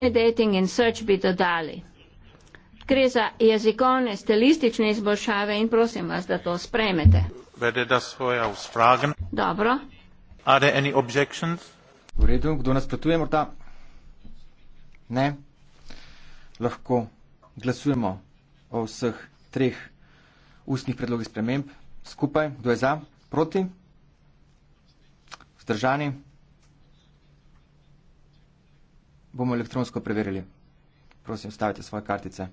dating in search bi dodali. Gre za jezikovne, stilistične izboljšave in prosim vas, da to spremete. Dobro. V redu, kdo nas pretuje morda? Ne. Lahko glasujemo o vseh treh ustnih predlogih sprememb skupaj. Kdo je za? Proti? Vzdržani? Vzdržani? bomo elektronsko preverili. Prosim, stavite svoje kartice.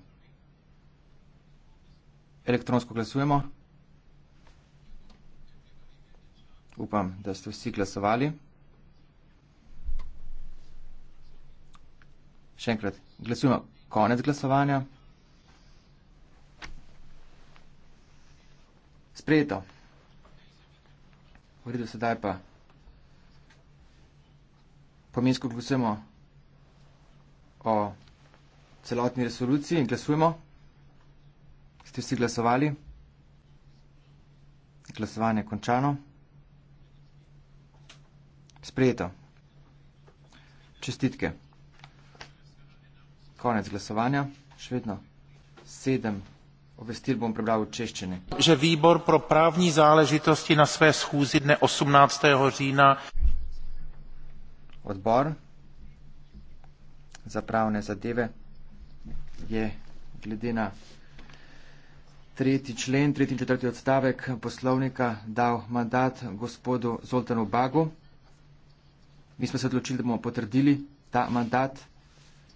Elektronsko glasujemo. Upam, da ste vsi glasovali. Še enkrat, glasujemo konec glasovanja. Sprejeto. V redu, sedaj pa pomensko glasujemo o celotni resoluciji in glasujemo. Ste vsi glasovali? Glasovanje je končano. Sprejeto. Čestitke. Konec glasovanja. Še vedno sedem. Obvestil bom prebral v češčini. Že výbor pro právní záležitosti na své schůzi dne 18. října. Odbor za pravne zadeve je glede na tretji člen, tretji in četrti odstavek poslovnika dal mandat gospodu Zoltanu Bagu. Mi smo se odločili, da bomo potrdili ta mandat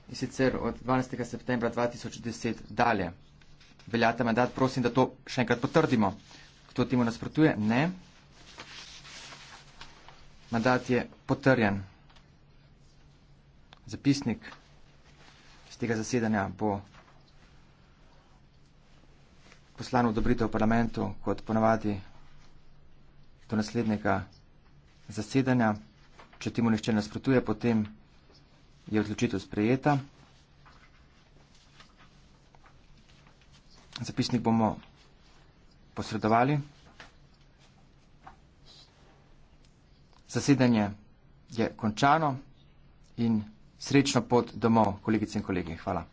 in sicer od 12. septembra 2010 dalje. Velja ta mandat, prosim, da to še enkrat potrdimo. Kdo temu nasprotuje? Ne. Mandat je potrjen. Zapisnik tega zasedanja bo poslano odobritev v parlamentu, kot ponavadi do naslednjega zasedanja. Če temu nišče nasprotuje, potem je odločitev sprejeta. Zapisnik bomo posredovali. Zasedanje je končano in. Srečno pot domov, kolegice in kolegi. Hvala.